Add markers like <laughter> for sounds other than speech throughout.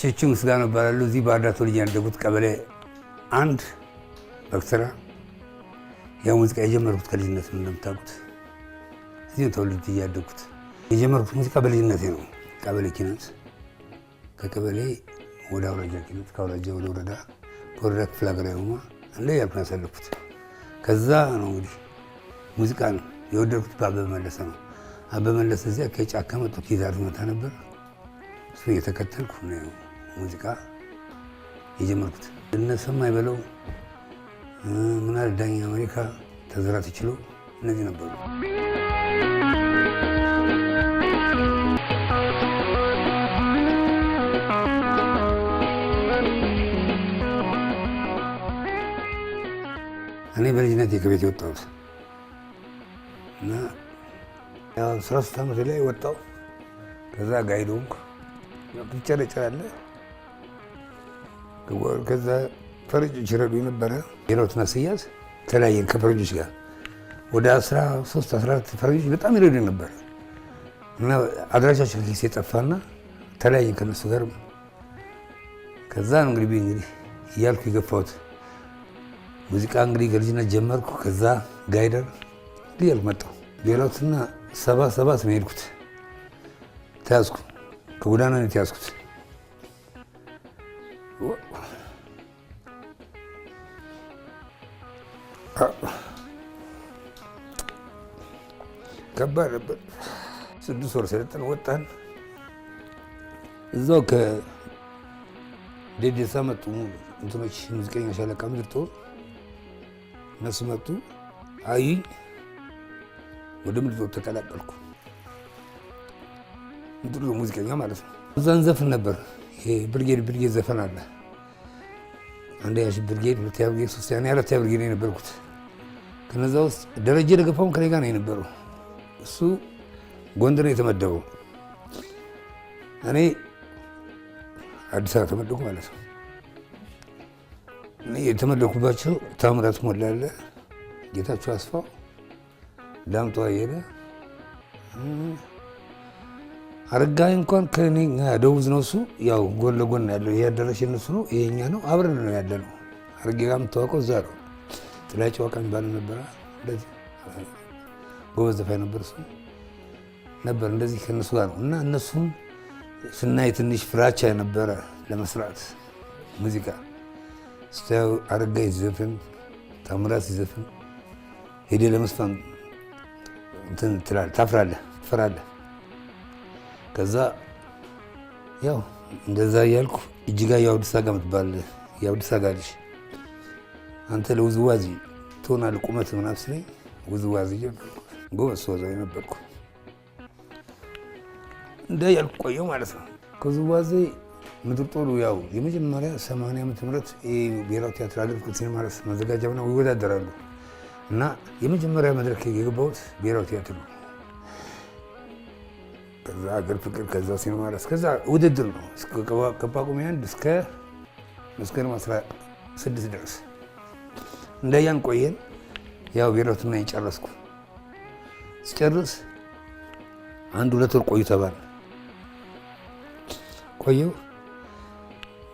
ቸቹ ምስጋናው እባላለሁ። እዚህ ባህር ዳር ተወልጄ ያደጉት ቀበሌ አንድ በክትራ። ያው ሙዚቃ የጀመርኩት ከልጅነት ነው እንደምታውቁት፣ እዚህ ተወልጄ ያደግኩት። የጀመርኩት ሙዚቃ በልጅነቴ ነው። ቀበሌ ኪነት፣ ከቀበሌ ወደ አውራጃ ኪነት፣ ከአውራጃ ወደ ወረዳ፣ ከወረዳ ክፍለ ሀገር ያሁማ እንደ ያልኩ ያሳለፍኩት። ከዛ ነው እንግዲህ ሙዚቃን የወደድኩት በአበበ መለሰ ነው። አበበ መለሰ እዚያ ከጫካ መጡ ኪዛር መታ ነበር፣ እሱ እየተከተልኩ ነው ሙዚቃ የጀመርኩት እነሰማ ይበለው ምናል ዳኝ አሜሪካ ተዘራ ትችሎ እነዚህ ነበሩ። እኔ በልጅነት ከቤት የወጣሁት እና አስራ ሶስት ዓመት ላይ ወጣሁ። ከዛ ጋይዶንክ ትጨረጨራለህ ከዛ ፈረንጆች ይረዱ የነበረ የለውትና ስያዝ ተለያየን ከፈረንጆች ጋር ወደ 13 14 ፈረንጆች በጣም ይረዱ ነበር እና አድራሻችን ሊስ የጠፋና ተለያየን ከነሱ ጋር። ከዛ ነው እንግዲህ እንግዲህ እያልኩ የገፋሁት ሙዚቃ እንግዲህ ከልጅነት ጀመርኩ። ከዛ ጋይደር እያልኩ መጣሁ። ሌላውትና ሰባ ሰባት ነው የሄድኩት። ተያዝኩ። ከጎዳና ነው የተያዝኩት። ከባድ ነበር። ስድስት ወር ሰለጠን ወጣን። እዛው ከዴዴሳ መጡ እንትኖች ሙዚቀኛ ሻለቃ ምድርቶ እነሱ መጡ አዩኝ። ወደ ምድርቶ ተቀላቀልኩ። ምድርቶ ሙዚቀኛ ማለት ነው። እዛን ዘፍን ነበር ብርጌድ ብርጌድ ዘፈን አለ። አንደኛ ብርጌድ፣ ሁለተኛ ብርጌድ፣ ሶስተኛ፣ አራተኛ ብርጌድ የነበርኩት ከነዛ ውስጥ ደረጀ ደገፋውም ከኔ ጋር ነው የነበረው እሱ ጎንደር ነው የተመደበው። እኔ አዲስ አበባ ተመደኩ ማለት ነው። እኔ የተመደኩባቸው ታምራት ሞላለ፣ ጌታቸው አስፋው፣ ዳምጦ አየለ፣ አረጋኸኝ እንኳን ከኔ ደውዝ ነው። እሱ ያው ጎን ለጎን ያለው ይሄ አዳራሽ የነሱ ነው፣ ይሄኛ ነው። አብረን ነው ያለ ነው። አረጌ ጋር የምታወቀው እዛ ነው። ጥላጭ ዋቃ የሚባለው ነበረ። ጎበዝ ዘፋኝ ነበር። እሱ ነበር እንደዚህ ከነሱ ጋር ነው እና እነሱም ስናይ ትንሽ ፍራቻ ነበረ ለመስራት ሙዚቃ። ስታየው አረጋ ሲዘፍን፣ ታምራት ሲዘፍን ሄደ ለመስፋን እንትን ትላለህ፣ ታፍራለህ፣ ትፈራለህ። ከዛ ያው እንደዛ እያልኩ እጅጋ የአውዲሳ ጋ ምትባል የአውዲሳ ጋ ልጅ አንተ ለውዝዋዜ ትሆናል ቁመት ምናምን ሲለኝ ውዝዋዜ ጀመርኩ። ጎበዝ ሰው እዛው የነበርኩ እንደ ያልኩ ቆየሁ ማለት ነው። ከውዝዋዜ ምድር ጦሩ ያው የመጀመሪያ ሰማንያ ዓመተ ምህረት ብሔራዊ ቲያትር አገር ሲኒማ ማዘጋጃ ምናምን ይወዳደራሉ እና የመጀመሪያ መድረክ የገባሁት ብሔራዊ ቲያትር ነው። ከዛ አገር ፍቅር፣ ከዛ ሲኒማ ማለስ፣ ከዛ ውድድር ነው ከጳጉሜ አንድ እስከ መስከረም 16 ድረስ እንዳያን ቆየን። ያው ብሔራዊትና የጨረስኩ ስጨርስ አንድ ሁለት ወር ቆዩ ተባለ። ቆየሁ።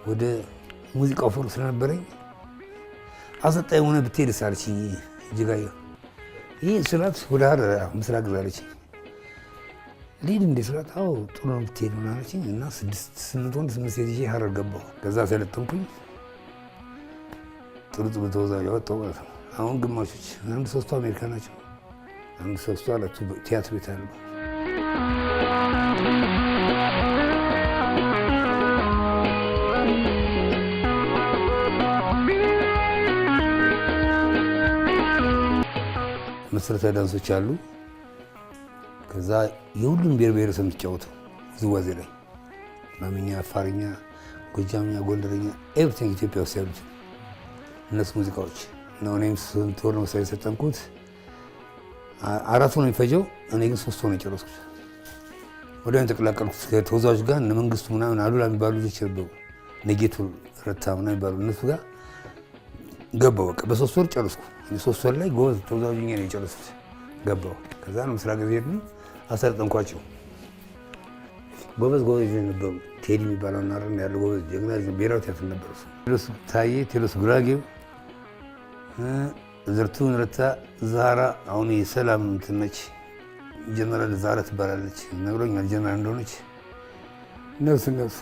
ወደ ሙዚቃው ፎቅ ስለነበረኝ አሰልጣኝ የሆነ ብትሄድ ሳለች እጅጋየሁ ይህ ስላት ወደ ሀረር ምስራቅ ዛለች ልሂድ እንደ ስላት፣ አዎ ጥሩ ነው ብትሄድ ምናለች እና ስድስት ስምንት ወንድ ስምንት ሴት ይዤ ሀረር ገባሁ። ከዛ ሰለጠንኩኝ። ጥሩ ጥሩ ተወዛዋዥ ወጣሁ ማለት ነው። አሁን ግማሾች አንድ ሶስቱ አሜሪካ ናቸው። አንድ ሶስቱ አራቱ ቲያትር ቤት አለ። መሰረታዊ ዳንሶች አሉ። ከዛ የሁሉም ብሔር ብሔረሰብ የምትጫወተው ዝዋዜ ላይ ማምኛ፣ አፋርኛ፣ ጎጃምኛ፣ ጎንደርኛ ኤቭሪቲንግ ኢትዮጵያ ውስጥ ያሉት እነሱ ሙዚቃዎች እና እኔም ነው አራት ነው የሚፈጀው። እኔ ግን ሶስት ነው የጨረስኩት። ወዲያውኑ የተቀላቀልኩት ከተወዛዋዥ ጋር እነ መንግስቱ ምናምን አሉላ የሚባሉ ልጆች ነበሩ፣ ነጌቱ ረታ ምና የሚባሉ እነሱ ጋር ገባሁ። በቃ በሶስት ወር ጨረስኩ። ሶስት ወር ላይ ጎበዝ ተወዛዋዥ ነው የጨረስኩት። ገባሁ። ከዛ ነው ምስራ ጊዜ ሄዱ፣ አሰለጠንኳቸው። ጎበዝ ጎበዝ ነበሩ። ቴዲ የሚባለው ናረ ያለ ጎበዝ ጀግና ብሔራዊ ቲያትር ነበር። ቴዎድሮስ ታዬ፣ ቴዎድሮስ ጉራጌው ዝርቱን ረታ ዛራ አሁን የሰላም እንትን ጀነራል ዛራ ትባላለች ነግሮኛል። ጀነራል እንደሆነች ነፍስ ነፍስ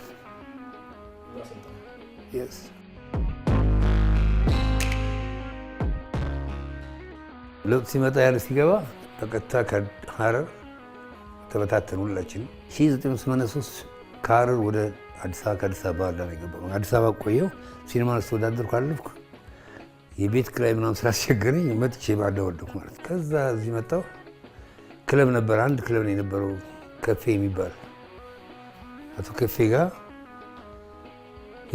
ለውጥ ሲመጣ ያለ ሲገባ በቀጥታ ከሀረር ተበታተን ሁላችን። 1983 ከሀረር ወደ አዲስ አበባ ከአዲስ አበባ ባህር ዳር የገባ አዲስ አበባ ቆየው ሲኒማ ስተወዳደር ካለፍኩ የቤት ክራይ ምናምን ስላስቸገረኝ መጥቼ ባዳ ወደኩ ማለት ከዛ እዚህ መጣሁ። ክለብ ነበር፣ አንድ ክለብ ነው የነበረው ከፌ የሚባል አቶ ከፌ ጋር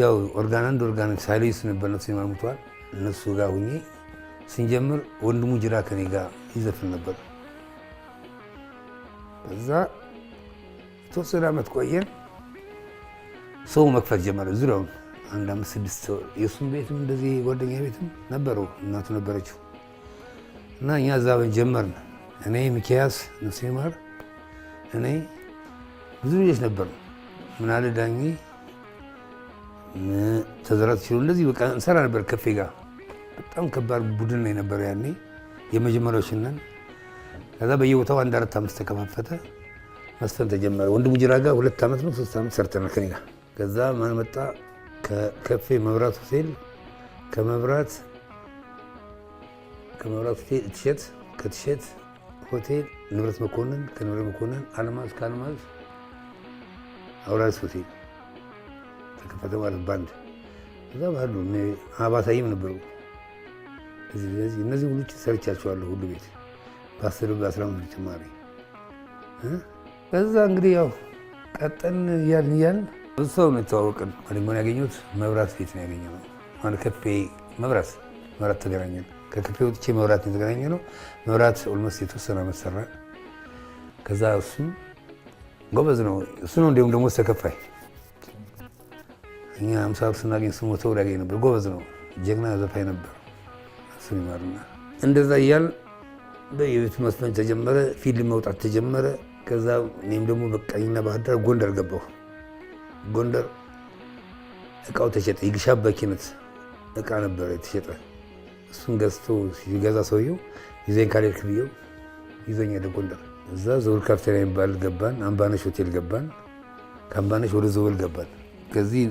ያው ኦርጋን አንድ ኦርጋን ሳይለዩስ ነበር ነው ሲማር እነሱ ጋር ሁኜ ስንጀምር ወንድሙ ጅራ ከኔ ጋር ይዘፍን ነበር። ከዛ የተወሰነ ዓመት ቆየን። ሰው መክፈት ጀመረ ዙሪያውን አንድ አምስት ስድስት ሰው የእሱም ቤትም እንደዚህ ጓደኛ ቤትም ነበረው። እናቱ ነበረችው እና እኛ እዛ ጀመርን። እኔ ሚኪያስ ነፍሴማር፣ እኔ ብዙ ልጆች ነበር። ምናለ ዳኝ ተዘራት ችሉ እንደዚህ በቃ እንሰራ ነበር። ከፌ ጋር በጣም ከባድ ቡድን ነው የነበረ ያኔ የመጀመሪያዎች ነን። ከዛ በየቦታው አንድ አራት አምስት ተከፋፈተ። መስፈን ተጀመረ። ወንድሙ ጅራ ጋር ሁለት ዓመት ነው ሶስት ዓመት ሰርተናል ከኔ ጋር። ከዛ ማን መጣ ከከፌ መብራት ሆቴል ከመብራት ከመብራት ሆቴል እትሸት ከትሸት ሆቴል ንብረት መኮንን ከንብረት መኮንን አልማዝ ከአልማዝ አውራስ ሆቴል ተከፈተ ማለት ባንድ እዛ ባሉ አባሳይም ነበሩ። እነዚህ ሁሉ ሰርቻቸዋለሁ። ሁሉ ቤት በአስር በአስራ አምስት ጭማሪ እዛ እንግዲህ ያው ቀጠን እያልን እያልን ብዙ ሰው ነው የተዋወቅን። ወደንጎን ያገኘሁት መብራት ፊት ነው ያገኘነው። አንድ ከፌ መብራት መብራት ተገናኘን። ከከፌ ወጥቼ መብራት ነው መብራት ኦልሞስት የተወሰነ ዓመት ከዛ እሱ ጎበዝ ነው እሱ ነው እንዲሁም ደግሞ ተከፋይ እኛ አምሳ ብር ስናገኝ እሱ ሞተ ያገኝ ነበር። ጎበዝ ነው፣ ጀግና ዘፋኝ ነበር። እሱ ይማርና እንደዛ እያል በየቤቱ መስፈን ተጀመረ፣ ፊልም መውጣት ተጀመረ። ከዛ እኔም ደግሞ በቃኝና ባህር ዳር ጎንደር ገባሁ። ጎንደር እቃው ተሸጠ። ይግሻ በኪነት እቃ ነበረ የተሸጠ። እሱን ገዝቶ ሲገዛ ሰውየው ይዞኝ ካልሄድክ ብዬው ይዞኝ ወደ ጎንደር እዛ ዘውል ካፍቴሪያ የሚባል ገባን። አምባነሽ ሆቴል ገባን። ከአምባነሽ ወደ ዘውል ገባን። ከዚህ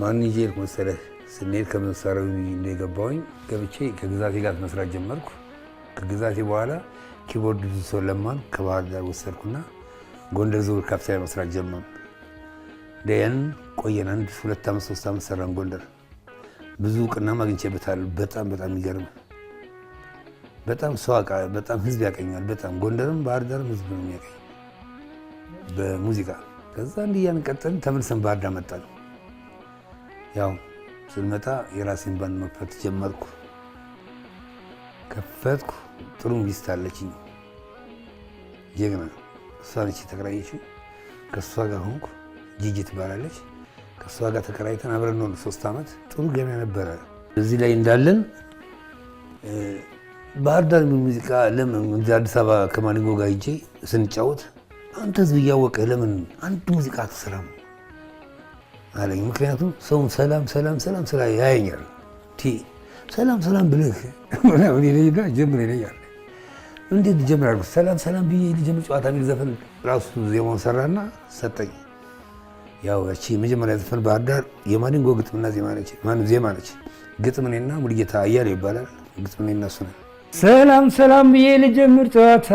ማን ይዤ ሄድኩ መሰለህ? ስንሄድ ከመሳሪያው እንደገባሁኝ ገብቼ ከግዛቴ ጋር መስራት ጀመርኩ። ከግዛቴ በኋላ ኪቦርድ ሰው ለማን ከባህር ዳር ወሰድኩና ጎንደር ዘውል ካፍቴሪያ መስራት ጀመርኩ። ያን ቆየን። አንድ ሁለት ዓመት ሶስት ዓመት ሰራን ጎንደር። ብዙ እውቅና አግኝቼበታለሁ። በጣም በጣም ይገርም። በጣም ሰው በጣም ህዝብ ያቀኛል። በጣም ጎንደርም ባህር ዳርም ህዝብ ነው የሚያቀኝ በሙዚቃ። ከዛ እንዲህ እያንቀጠል ተመልሰን ባህር ዳር መጣን። ያው ስንመጣ የራሴን ባንድ መክፈት ጀመርኩ። ከፈትኩ። ጥሩ ሚስት አለችኝ፣ ጀግና። እሷ ነች የተከራየችው። ከእሷ ጋር ሆንኩ። ጂጂ ትባላለች። ከእሷ ጋር ተከራይተን አብረን ነው ሶስት ዓመት ጥሩ ገበያ ነበረ። እዚህ ላይ እንዳለን ባህር ዳር ሙዚቃ ለምን አዲስ አበባ ከማንጎ ጋር ሂጄ ስንጫወት አንተ ህዝብ እያወቀ ለምን አንድ ሙዚቃ አትሰራም አለኝ። ምክንያቱም ሰውም ሰላም ሰላም ሰላም ስላ ያየኛል ሰላም ሰላም ብልህ ምናምን ጀምር ይለኛል። እንዴት ጀምር አልኩት። ሰላም ሰላም ብዬ ጀምር ጨዋታ የሚል ዘፈን ራሱ ዜማውን ሰራና ሰጠኝ። ያው እቺ መጀመሪያ ዘፈን ባህር ዳር የማዲንጎ ግጥምና ዜማ ነች። ማን ዜማ ነች? ግጥም እኔና ሙልጌታ አያሌው ይባላል። ግጥም እኔና እሱ ነን። ሰላም ሰላም ብዬ ልጀምር ጨዋታ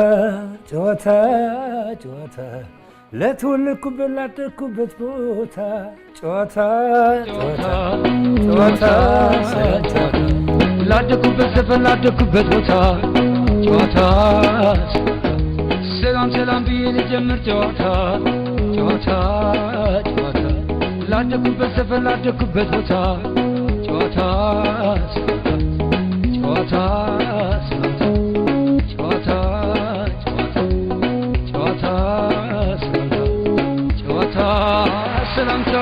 ጨዋታ ጨዋታ ለተወለድኩበት ላደግኩበት ቦታ ጨዋታ ጨዋታ ጨዋታ ላደግኩበት ዘፈን ላደግኩበት ቦታ ጨዋታ ሰላም ሰላም ብዬ ልጀምር ጨዋታ ጨዋታ ላደኩበት ዘፈን ላደኩበት ቦታ ጨዋታ ጨዋታ ጨዋታ ጨዋታ ጨዋታ ሰላምታ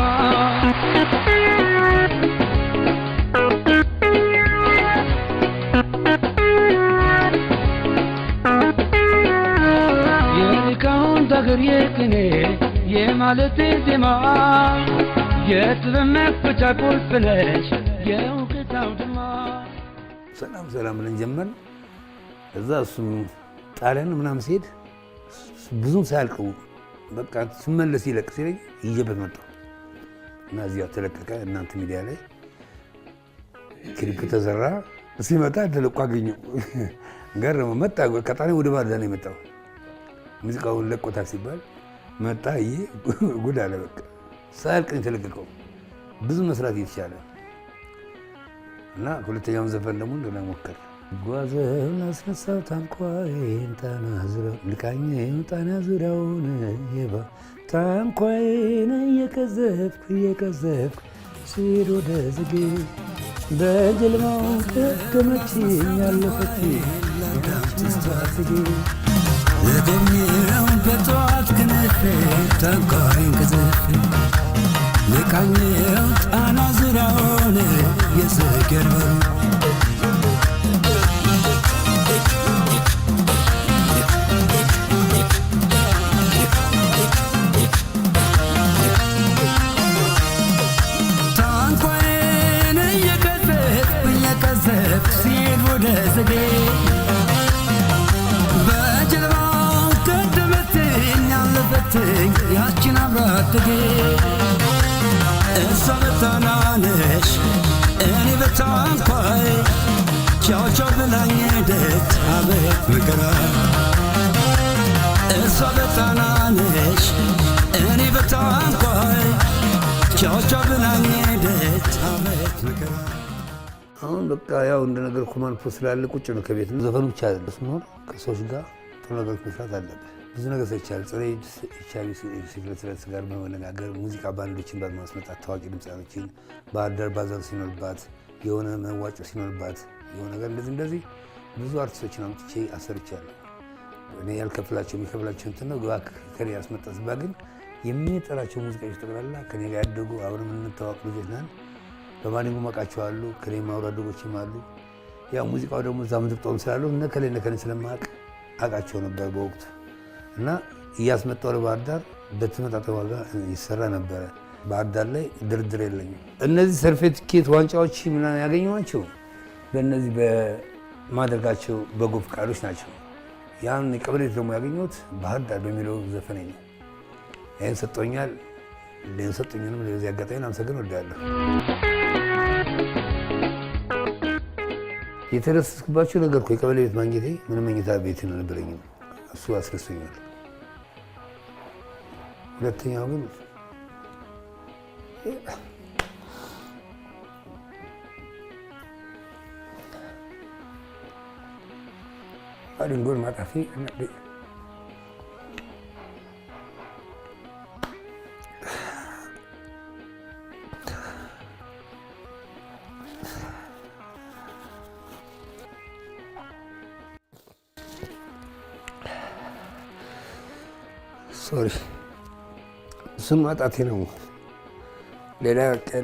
የሊቃውንት አገር የቅኔ የማለቴ ዜማ የጥበብ መክፈቻ ቁልፍ ነሽ የእውቀት አውድማ። ሰላም ሰላም ብለን ጀመር። እዛ እሱም ጣሊያን ምናምን ሲሄድ ብዙም ሳያልቀው በቃ ስመለስ ይለቅ ሲለኝ ይዤበት መጣሁ እና እዚያ ተለቀቀ። እናንተ ሚዲያ ላይ ክሊፕ ተሰራ። ሲመጣ ተለቆ አገኘው። ገረመው። መጣ ከጣሊያን ወደ ባህር ዳር ነው የመጣው ሙዚቃውን ለቆታ ሲባል መጣ። ይሄ ጉድ አለ። በቃ ሳያልቅ የተለቀቀው ብዙ መስራት የተቻለ እና ሁለተኛውን ዘፈን ደግሞ እንደና ሞከር ጓዘውን አስነሳው ታንኳዬን ጣና ዙሪያው ልቃኝ ጣና ዙሪያውን የባ ታንኳዬን እየቀዘፍኩ እየቀዘፍኩ ሲሄድ ወደ ዝጌ በጀልባው ገመች ያለፈች ዳችስባትጌ ለገኘው በጠዋት ክንፍ ተጓኝ ግዝፍ ለቃኘው ጣና ዙሪያውን የዘገርበሩ የታበ ፍቅራ እሷ በጣናነሽ እኔ በታንኳይ ቻቻ ብናኝ ደታበ ፍቅራ አሁን በቃ ያው እንደነገርኩህ ማንፎ ስላለ ቁጭ ነው ከቤት ዘፈኑ ብቻ አለ ስኖር ከሰዎች ጋር ጥሩ ነገር መስራት አለብህ። ብዙ ነገር ሰይቻል ጽሬ ስክለትረት ጋር በመነጋገር ሙዚቃ ባንዶችን በማስመጣት ታዋቂ ድምፃኖችን ባህር ዳር ባዛር ሲኖርባት የሆነ መዋጮ ሲኖርባት የሆነ ነገር እንደዚህ እንደዚህ ብዙ አርቲስቶችን አምጥቼ አሰርቻለሁ። እኔ ያልከፍላቸው የሚከፍላቸው እንትን ነው። ግባ ከኔ ያስመጣ ስባ ግን የሚጠራቸው ሙዚቃዎች ጠቅላላ ከኔ ጋር ያደጉ አብረን የምንታወቅ ልጆች ነን። በማዲንጎ አሉ፣ ከኔ የማውሩ አደጎችም አሉ። ያው ሙዚቃው ደግሞ እዛ ምድር ጦም ስላለው እነ ከሌ እነ ከሌ ስለማውቅ አውቃቸው ነበር በወቅቱ እና እያስመጣው ለባህር ዳር በተመጣጣኝ ዋጋ ይሰራ ነበረ። ባህር ዳር ላይ ድርድር የለኝም። እነዚህ ሰርፌትኬት ዋንጫዎች ምናምን ያገኘኋቸው በእነዚህ ማደርጋቸው በጎ ፍቃዶች ናቸው። ያን የቀበሌት ደግሞ ያገኘሁት ባህር ዳር በሚለው ዘፈኔ ነው። ይህን ሰጥቶኛል። ይህን ሰጡኝንም ለዚህ አጋጣሚ አመሰግን ወዳለሁ። የተደሰስኩባቸው ነገር የቀበሌ ቤት ማግኘቴ ምንም መኝታ ቤት አልነበረኝም። እሱ አስደስቶኛል። ሁለተኛው ግን Aduh, gue mata enak deh. Sorry, semua tadi nunggu. Beda kan,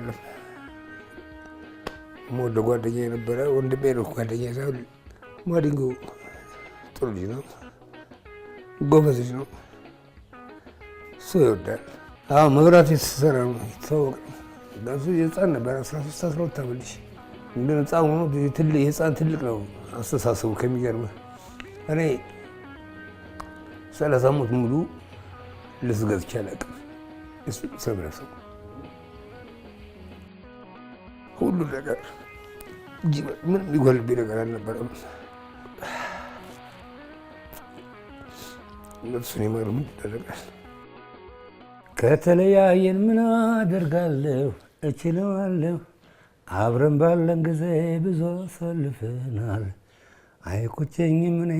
mau dua kali aja yang berat, udah beruk kali aja, saya mau dengung. ጥሩ ልጅ ነው፣ ጎበዝ ልጅ ነው። እሱ ይወዳል። አዎ መብራት የተሰራ ነው ይታወቅ። እሱ የህፃን ነበር 13 12 ዓመት ልጅ ህፃን ሆኖ የህፃን ትልቅ ነው አስተሳሰቡ። ከሚገርምህ እኔ ሰላሳ ዓመት ሙሉ ልብስ ገዝቼ አላውቅም። ሰብረሰው ሁሉ ነገር ምንም ይጎልብኝ ነገር አልነበረም። ነፍሱን ይማር። ምን ይደረጋል? ከተለያየን ምን አደርጋለሁ? እችለዋለሁ። አብረን ባለን ጊዜ ብዙ አሳልፈናል። አይቆጨኝም እኔ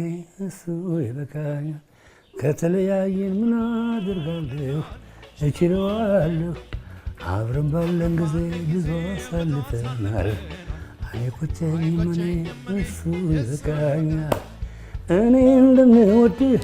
እሱ ይበቃኛል። ከተለያየን ምን አደርጋለሁ? እችለዋለሁ። አብረን ባለን ጊዜ ብዙ አሳልፈናል። አይቆጨኝም እኔ እሱ ይበቃኛል። እኔ እንደምወድህ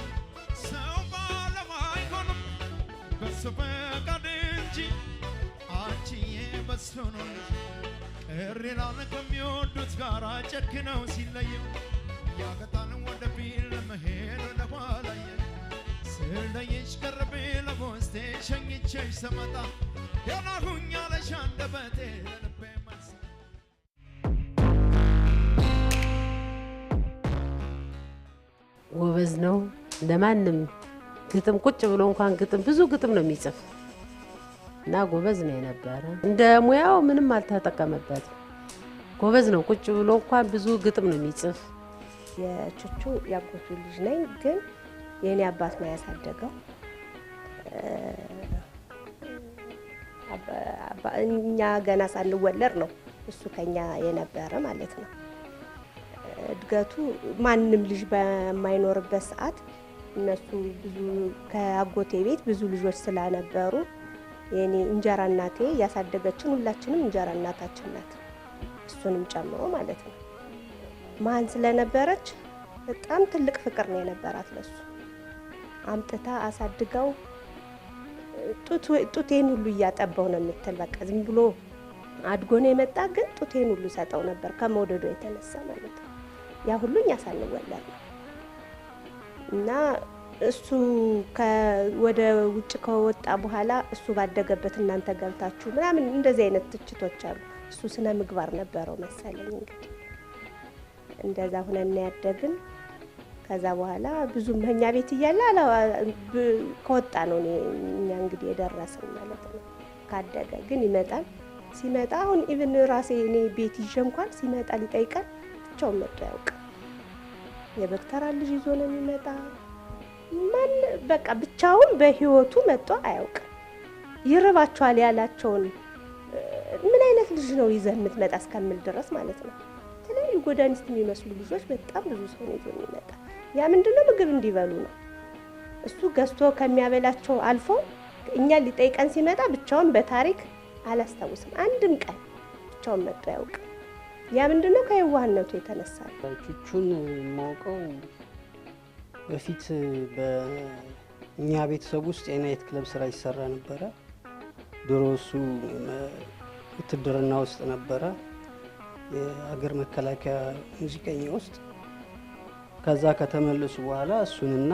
የእርሱ ፈቃድ እንጂ አንቺዬ በሱ ነው እንጂ እሪራን ከሚወዱት ጋር ጨክነው ሲለየው ያቀጣን ወደፊት ለመሄድ ለኋላየ ስለየሽ ቀርቤ ለጎስቴ ሸኝቼሽ ስመጣ ደህና ሁኝ አለሽ አንደበቴ ለልቤ መልስ ጎበዝ ነው ለማንም ግጥም ቁጭ ብሎ እንኳን ግጥም ብዙ ግጥም ነው የሚጽፍ እና ጎበዝ ነው የነበረ። እንደ ሙያው ምንም አልተጠቀመበትም። ጎበዝ ነው። ቁጭ ብሎ እንኳን ብዙ ግጥም ነው የሚጽፍ። የቹቹ ያጎቱ ልጅ ነኝ፣ ግን የእኔ አባት ነው ያሳደገው። እኛ ገና ሳንወለድ ነው እሱ ከኛ የነበረ ማለት ነው። እድገቱ ማንም ልጅ በማይኖርበት ሰዓት እነሱ ብዙ ከአጎቴ ቤት ብዙ ልጆች ስለነበሩ የኔ እንጀራ እናቴ ያሳደገችን ሁላችንም እንጀራ እናታችን ናት፣ እሱንም ጨምሮ ማለት ነው። መሀን ስለነበረች በጣም ትልቅ ፍቅር ነው የነበራት ለሱ አምጥታ አሳድገው ጡቴን ሁሉ እያጠባው ነው የምትል። በቃ ዝም ብሎ አድጎ ነው የመጣ፣ ግን ጡቴን ሁሉ ሰጠው ነበር ከመውደዱ የተነሳ ማለት ነው። ያ ሁሉ እኛ ሳንወለድ ነው እና እሱ ወደ ውጭ ከወጣ በኋላ እሱ ባደገበት እናንተ ገብታችሁ ምናምን እንደዚህ አይነት ትችቶች አሉ። እሱ ስነ ምግባር ነበረው መሰለኝ እንግዲህ እንደዛ ሁነ እናያደግን። ከዛ በኋላ ብዙም እኛ ቤት እያለ ከወጣ ነው እኛ እንግዲህ የደረስን ማለት ነው። ካደገ ግን ይመጣል። ሲመጣ አሁን ኢቨን ራሴ እኔ ቤት ይዤ እንኳን ሲመጣ ሊጠይቀን ብቻውን መጡ ያውቅ የበክተራ ልጅ ይዞ ነው የሚመጣ። ማን በቃ ብቻውን በህይወቱ መጥቶ አያውቅም። ይርባቸዋል ያላቸውን ምን አይነት ልጅ ነው ይዘህ የምትመጣ እስከምል ድረስ ማለት ነው። የተለያዩ ጎዳኒስት የሚመስሉ ልጆች በጣም ብዙ ሰው ነው ይዞ የሚመጣ። ያ ምንድነው ምግብ እንዲበሉ ነው። እሱ ገዝቶ ከሚያበላቸው አልፎ እኛ ሊጠይቀን ሲመጣ ብቻውን በታሪክ አላስታውስም፣ አንድም ቀን ብቻውን መጥቶ አያውቅም። ያ ምንድነው? ከየዋህነቱ የተነሳ ቹቹን የማውቀው በፊት በእኛ ቤተሰብ ውስጥ የናይት ክለብ ስራ ይሰራ ነበረ። ድሮ እሱ ውትድርና ውስጥ ነበረ፣ የሀገር መከላከያ ሙዚቀኛ ውስጥ። ከዛ ከተመለሱ በኋላ እሱንና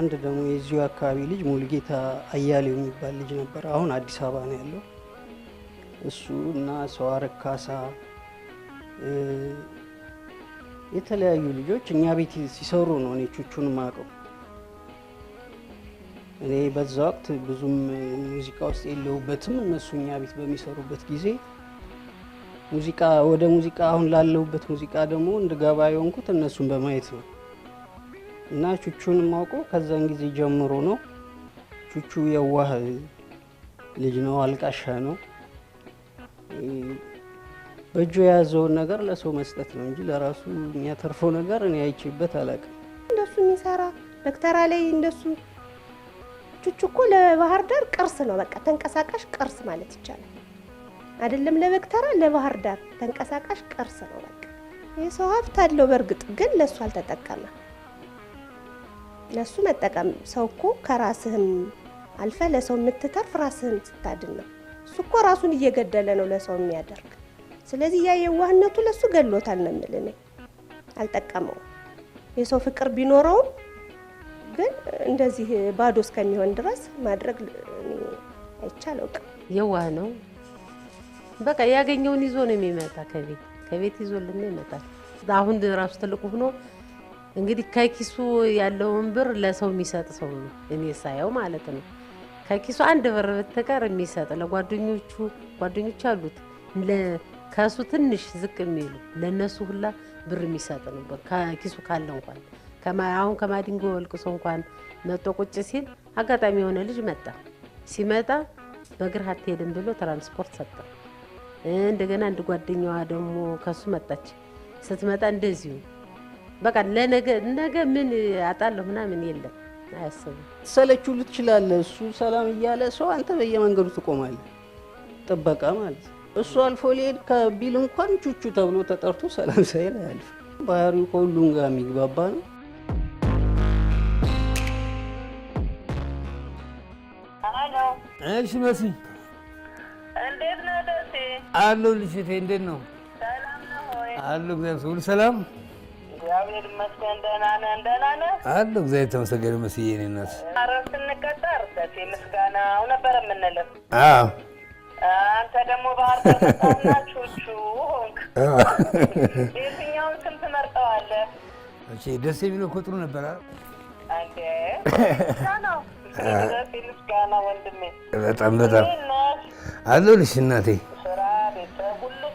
አንድ ደግሞ የዚሁ አካባቢ ልጅ ሙልጌታ አያሌው የሚባል ልጅ ነበር፣ አሁን አዲስ አበባ ነው ያለው። እሱ እና ሰዋረካሳ የተለያዩ ልጆች እኛ ቤት ሲሰሩ ነው እኔ ቹቹን ማቀው። እኔ በዛ ወቅት ብዙም ሙዚቃ ውስጥ የለሁበትም። እነሱ እኛ ቤት በሚሰሩበት ጊዜ ሙዚቃ ወደ ሙዚቃ አሁን ላለሁበት ሙዚቃ ደግሞ እንድገባ የሆንኩት እነሱን በማየት ነው እና ቹቹን ማውቀው ከዛን ጊዜ ጀምሮ ነው። ቹቹ የዋህ ልጅ ነው፣ አልቃሻ ነው። በእጁ የያዘውን ነገር ለሰው መስጠት ነው እንጂ ለራሱ የሚያተርፈው ነገር እኔ አይቼበት አላውቅም። እንደሱ የሚሰራ ዶክተራ ላይ እንደሱ ቹቹ እኮ ለባህር ዳር ቅርስ ነው። በቃ ተንቀሳቃሽ ቅርስ ማለት ይቻላል። አይደለም ለበክተራ ለባህር ዳር ተንቀሳቃሽ ቅርስ ነው። በቃ የሰው ሀብት አለው። በእርግጥ ግን ለእሱ አልተጠቀመ። ለእሱ መጠቀም ሰው እኮ ከራስህም አልፈ ለሰው የምትተርፍ ራስህን ስታድን ነው። እሱ እኮ ራሱን እየገደለ ነው ለሰው የሚያደርግ ስለዚህ ያ የዋህነቱ ለሱ ገሎታል ነው የምልህ። እኔ አልጠቀመውም። የሰው ፍቅር ቢኖረውም ግን እንደዚህ ባዶ እስከሚሆን ድረስ ማድረግ አይቻል። የዋህ ነው። በቃ ያገኘውን ይዞ ነው የሚመጣ። ከቤት ከቤት ይዞ ልና ይመጣል። አሁን ራሱ ትልቁ ሆኖ እንግዲህ ከኪሱ ያለውን ብር ለሰው የሚሰጥ ሰው ነው እኔ ሳየው ማለት ነው። ከኪሱ አንድ ብር ብትቀር የሚሰጥ ለጓደኞቹ ጓደኞቹ አሉት ከእሱ ትንሽ ዝቅ የሚሉ ለእነሱ ሁላ ብር የሚሰጥ ነበር። ከኪሱ ካለ እንኳን አሁን ከማዲንጎ ወልቅሶ እንኳን መጦ ቁጭ ሲል አጋጣሚ የሆነ ልጅ መጣ። ሲመጣ በእግርህ አትሄድም ብሎ ትራንስፖርት ሰጠ። እንደገና አንድ ጓደኛዋ ደግሞ ከሱ መጣች። ስትመጣ እንደዚሁ በቃ ለነገ ነገ ምን አጣለሁ ምናምን የለም አያስብም። ሰለችው ልትችላለህ። እሱ ሰላም እያለ ሰው አንተ በየመንገዱ ትቆማለህ፣ ጥበቃ ማለት ነው። እሱ አልፎ ሊሄድ ከቢል እንኳን ቹቹ ተብሎ ተጠርቶ ሰላም ሳይል አያልፍ። ባህሪው ከሁሉም ጋር የሚግባባ ነው። እሺ መሲ እንዴት ነው? ደሴ አለሁ። ልጅቴ እንዴት ነው? ሰላም ነው አለሁ። እግዚአብሔር ሁሉ ሰላም እግዚአብሔር ይመስገን። ደህና ነህ? ደህና ነህ? አለሁ። እግዚአብሔር ተመሰገነ። መስዬ እኔ እናት ኧረ ስንቀጠር ደሴ ምስጋናው ነበረ የምንለው። አዎ አንተ ደግሞ ባህር ቹቹ ሆንክ። የትኛውን ደስ የሚለው እኮ ጥሩ ነበር። <laughs> በጣም በጣም አለሁልሽ እናቴ። ተለያየ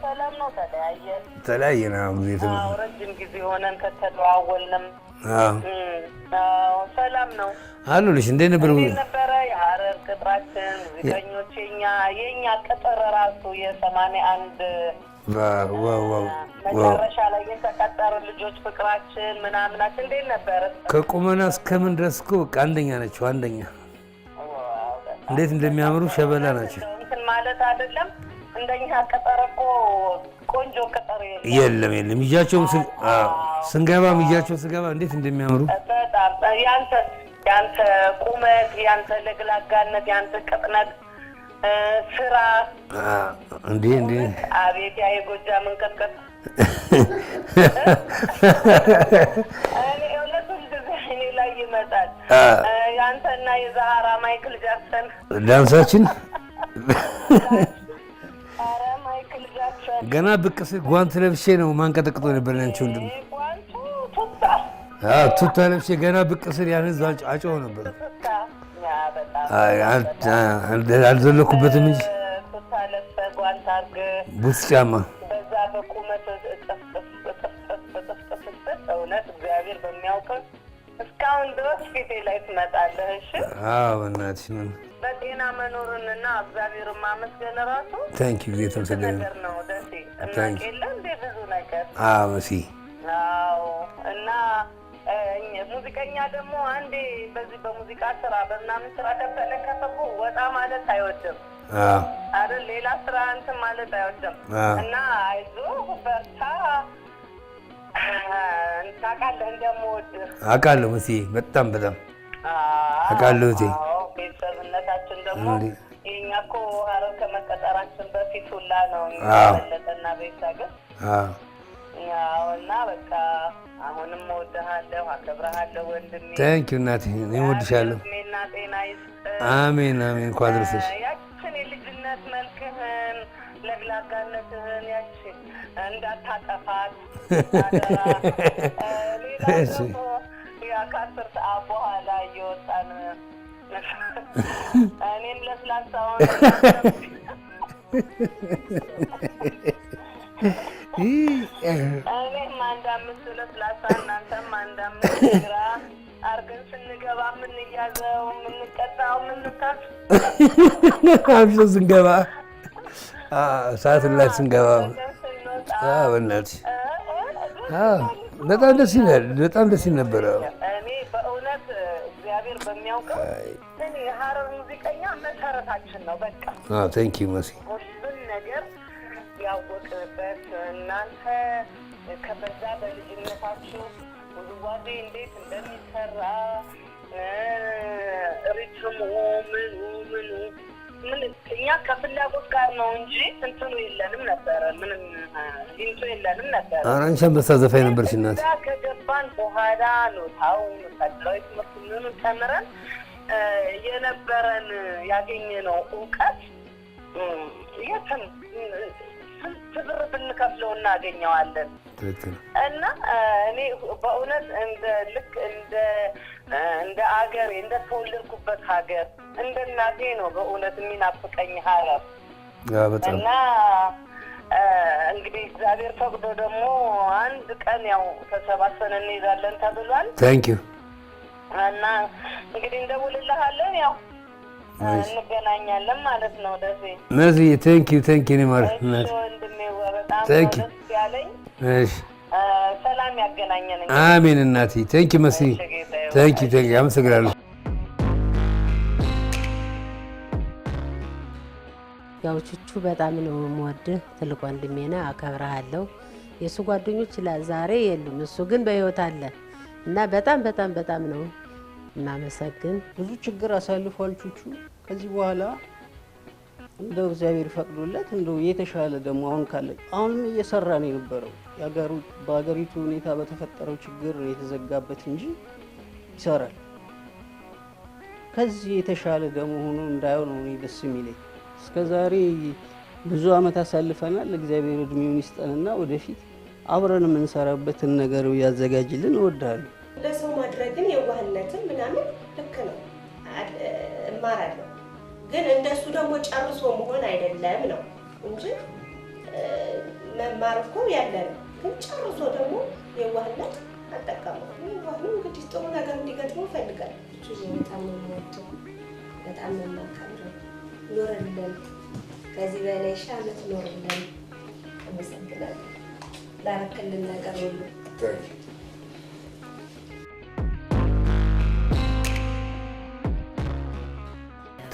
ሰላም ነው? ተለያየ ተለያየን። ረጅም ጊዜ ሆነን ከተደዋወልንም ሰላም ነው አሉልሽ። እንዴት ነበር ቅጥራችን ሙዚቀኞች የኛ የእኛ ቅጥር ራሱ የሰማንያ አንድ መጨረሻ ላይ የተቀጠሩ ልጆች ፍቅራችን ምናምናችን እንዴት ነበር? ከቁመና እስከምን ድረስ እኮ አንደኛ ናቸው። አንደኛ እንዴት እንደሚያምሩ ሸበላ ናቸው። እንትን ማለት አይደለም። እንደኛ ቅጥር እኮ ቆንጆ ቅጥር የለም የለም። ይዣቸውም ስንገባ ይዣቸው ስገባ እንዴት እንደሚያምሩ በጣም ያንተ የአንተ ቁመት፣ የአንተ ለግላጋነት፣ የአንተ ቅጥነት፣ ስራ እንዲህ እንዲ አቤት ያ የጎጃ መንቀጥቀጥ እኔ ላይ ይመጣል። የአንተና የዛሃራ ማይክል ጃክሰን ዳንሳችን ማይክል ጃክሰን ገና ብቅ ጓንት ለብሼ ነው ማንቀጠቅጦ ነበር ያንቺ ወንድም ቱታ ለብሼ ገና ብቅ ስል ያን ህዝብ አጨው ነበር። አልዘለኩበትም እንጂ ቡት ጫማ እስካሁን ድረስ ፊቴ ላይ ትመጣለህ። እሺ እናትሽ ነው። በጤና መኖርን እና እግዚአብሔር ማመስገን ራሱ ታንክ ዩ ነገር ነው። ደሴ እናቅ ብዙ ነገር አዎ፣ እና ሙዚቀኛ ደግሞ አንዴ በዚህ በሙዚቃ ስራ በምናምን ስራ ከተለከፈኩ ወጣ ማለት አይወድም አረ ሌላ ስራ እንትን ማለት አይወድም እና አይዞ በርታ ታውቃለህ፣ እንደምወድ አውቃለሁ። እቴ በጣም በጣም አውቃለሁ። እቴ ቤተሰብነታችን ደግሞ የእኛ ኮ አረ ከመቀጠራችን በፊት ሁላ ነው ለጠና ቤተሰብ ግን እና በቃ አሁንም እወድሃለሁ፣ አከብረሃለሁ ወንድሜ። ታንኪ እናቴ፣ እኔም እወድሻለሁ። እድሜና ጤና አሜን አሜን። እንኳ አደረሰሽ። ያችን የልጅነት መልክህን ለግላጋነትህን ያችን እንዳታጠፋት <laughs> ሌላ ከአስር ሰዓት በኋላ እየወጣን እኔም ለስላሳውን <laughs> <laughs> እኔም አንድ አምስት ሁለት ላሳ አብሶ ስንገባ ሰዓት ላይ ስንገባ በእናትሽ በጣም ደስ ይላል። በጣም ደስ ይል ነበረ። በእውነት እግዚአብሔር በሚያውቀው ሀረር ሙዚቀኛ መሰረታችን ነው። በቃ ቴንኪው መሲ ያወቅንበት እናንተ ከበዛ በልጅነታችሁ ውዝዋዜ እንዴት እንደሚሰራ ሪትሙ ምኑ ምኑ ምን እኛ ከፍላጎት ጋር ነው እንጂ እንትኑ የለንም ነበረ። ምንም ሂንቱ የለንም ነበረ። አንቺ አንበሳ ዘፋኝ ነበርሽ ከገባን በኋላ ኖታው ወታደራዊ ትምህርት ምኑ ተምረን የነበረን ያገኘ ነው እውቀት የትም ስንት ብር ብንከፍለው እናገኘዋለን? እና እኔ በእውነት እንደ ልክ እንደ እንደ አገሬ እንደተወለድኩበት ሀገር እንደ እናቴ ነው በእውነት የሚናፍቀኝ ሀረር እና እንግዲህ እግዚአብሔር ፈቅዶ ደግሞ አንድ ቀን ያው ተሰባሰን እንይዛለን ተብሏል። ታንኪዩ እና እንግዲህ እንደውልልሃለን ያው እንገናኛለን ማለት ነው። ደሴ መሲ ቴንክ ዩ ቴንክ ዩ ማለት ቴንክ ዩ ሰላም ያገናኘን። አሜን እናቴ። ቴንክ ዩ መሲ ቴንክ ዩ ቴንክ ዩ። አመሰግናለሁ። ያው ቹቹ በጣም ነው የምወድህ፣ ትልቅ ወንድሜ ነህ፣ አከብረሃለሁ። የእሱ ጓደኞች ዛሬ የሉም፣ እሱ ግን በህይወት አለ እና በጣም በጣም በጣም ነው እናመሰግን። ብዙ ችግር አሳልፏል ቹቹ ከዚህ በኋላ እንደው እግዚአብሔር ፈቅዶለት እንደው የተሻለ ደግሞ አሁን ካለ አሁንም እየሰራ ነው የነበረው። በሀገሪቱ ሁኔታ በተፈጠረው ችግር የተዘጋበት እንጂ ይሰራል። ከዚህ የተሻለ ደግሞ ሆኖ እንዳየው ነው እኔ ደስ የሚለኝ። እስከ ዛሬ ብዙ ዓመት አሳልፈናል። እግዚአብሔር እድሜውን ይስጠንና ወደፊት አብረን የምንሰራበትን ነገር ያዘጋጅልን እወዳለሁ። ለሰው ማድረግን የዋህነትን ምናምን ልክ ነው እማራለሁ ግን እንደሱ ደግሞ ጨርሶ መሆን አይደለም ነው እንጂ መማር እኮ ያለ ነው። ግን ጨርሶ ደግሞ የዋህነት አጠቀመው። የዋህኑ እንግዲህ ጥሩ ነገር እንዲገጥመው ይፈልጋል። በጣም የምወደው በጣም የማከብረው ኖርልን፣ ከዚህ በላይ ሺህ ዓመት ኖርልን። አመሰግናለሁ ላረክልን ነገር ሁሉ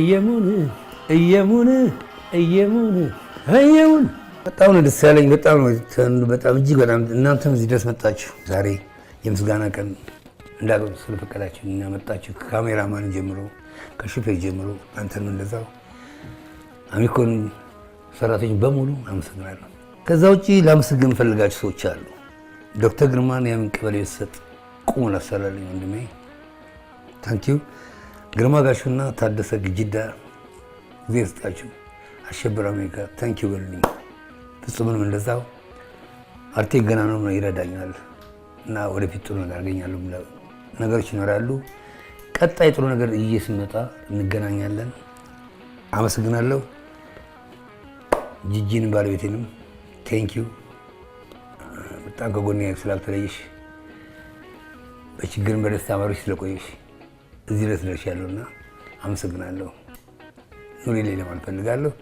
እየሙን እየሙን እየሙን እየሙን በጣም ነው ደስ ያለኝ። በጣም በጣም እጅግ በጣም እናንተም እዚህ ድረስ መጣችሁ። ዛሬ የምስጋና ቀን እንዳገጡ ስለፈቀዳችሁ እና መጣችሁ። ከካሜራማን ጀምሮ ከሹፌር ጀምሮ አንተን እንደዛው አሚኮን ሰራተኞች በሙሉ አመሰግናለሁ። ከዛ ውጭ ላመሰግን የምፈልጋቸው ሰዎች አሉ። ዶክተር ግርማን ያምን ቀበሌ የተሰጥ ቁሙ ላሰራልኝ ወንድሜ ታንኪዩ ግርማ ጋሹና ታደሰ ግጅዳ ጊዜ ስጣችሁ። አሸብር አሜሪካ ታንኪ በሉልኝ። ፍጹምንም እንደዛው አርቴ ገና ነው ይረዳኛል እና ወደፊት ጥሩ ነገር አገኛለሁ ነገሮች ይኖራሉ። ቀጣይ ጥሩ ነገር እዬ ስመጣ እንገናኛለን። አመሰግናለሁ። ጂጂን ባለቤቴንም ቴንኪዩ በጣም ከጎኔ ስላልተለየሽ በችግርን በደስታ መሮች ስለቆየሽ እዚህ ድረስ ደርሻለሁና አመሰግናለሁ። ኑሪ ለማለት እፈልጋለሁ።